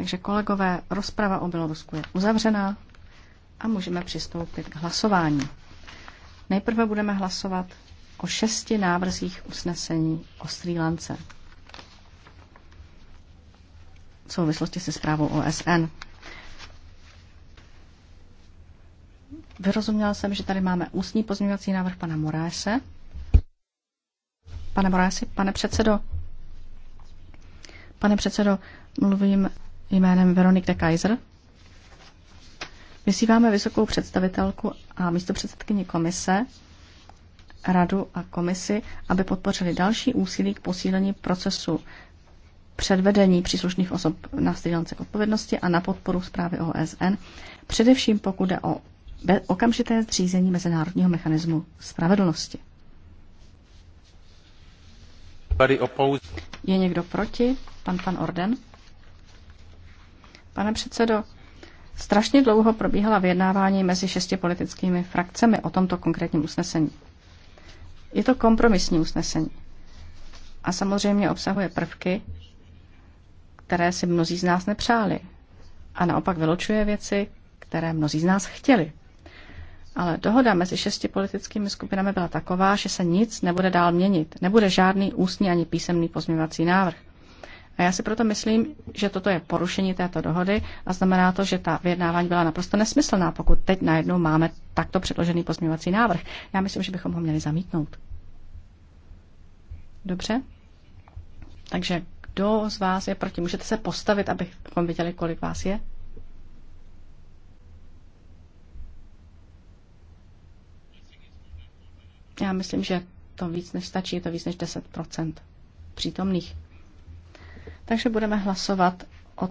Takže kolegové, rozprava o Bělorusku je uzavřená a můžeme přistoupit k hlasování. Nejprve budeme hlasovat o šesti návrzích usnesení o Sri Lance v souvislosti se zprávou OSN. Vyrozuměla jsem, že tady máme ústní pozměňovací návrh pana Moráse. Pane Moráse, pane předsedo, pane předsedo, mluvím jménem Veronik de Kaiser. Vysíváme vysokou představitelku a místo předsedkyni komise, radu a komisi, aby podpořili další úsilí k posílení procesu předvedení příslušných osob na stylance k odpovědnosti a na podporu zprávy OSN, především pokud jde o okamžité zřízení Mezinárodního mechanismu spravedlnosti. Je někdo proti? Pan pan Orden? Pane předsedo, strašně dlouho probíhala vyjednávání mezi šesti politickými frakcemi o tomto konkrétním usnesení. Je to kompromisní usnesení a samozřejmě obsahuje prvky, které si mnozí z nás nepřáli a naopak vyločuje věci, které mnozí z nás chtěli. Ale dohoda mezi šesti politickými skupinami byla taková, že se nic nebude dál měnit. Nebude žádný ústní ani písemný pozměňovací návrh. A já si proto myslím, že toto je porušení této dohody a znamená to, že ta vyjednávání byla naprosto nesmyslná, pokud teď najednou máme takto předložený pozměňovací návrh. Já myslím, že bychom ho měli zamítnout. Dobře? Takže kdo z vás je proti? Můžete se postavit, abychom viděli, kolik vás je? Já myslím, že to víc než stačí, je to víc než 10 přítomných. Takže budeme hlasovat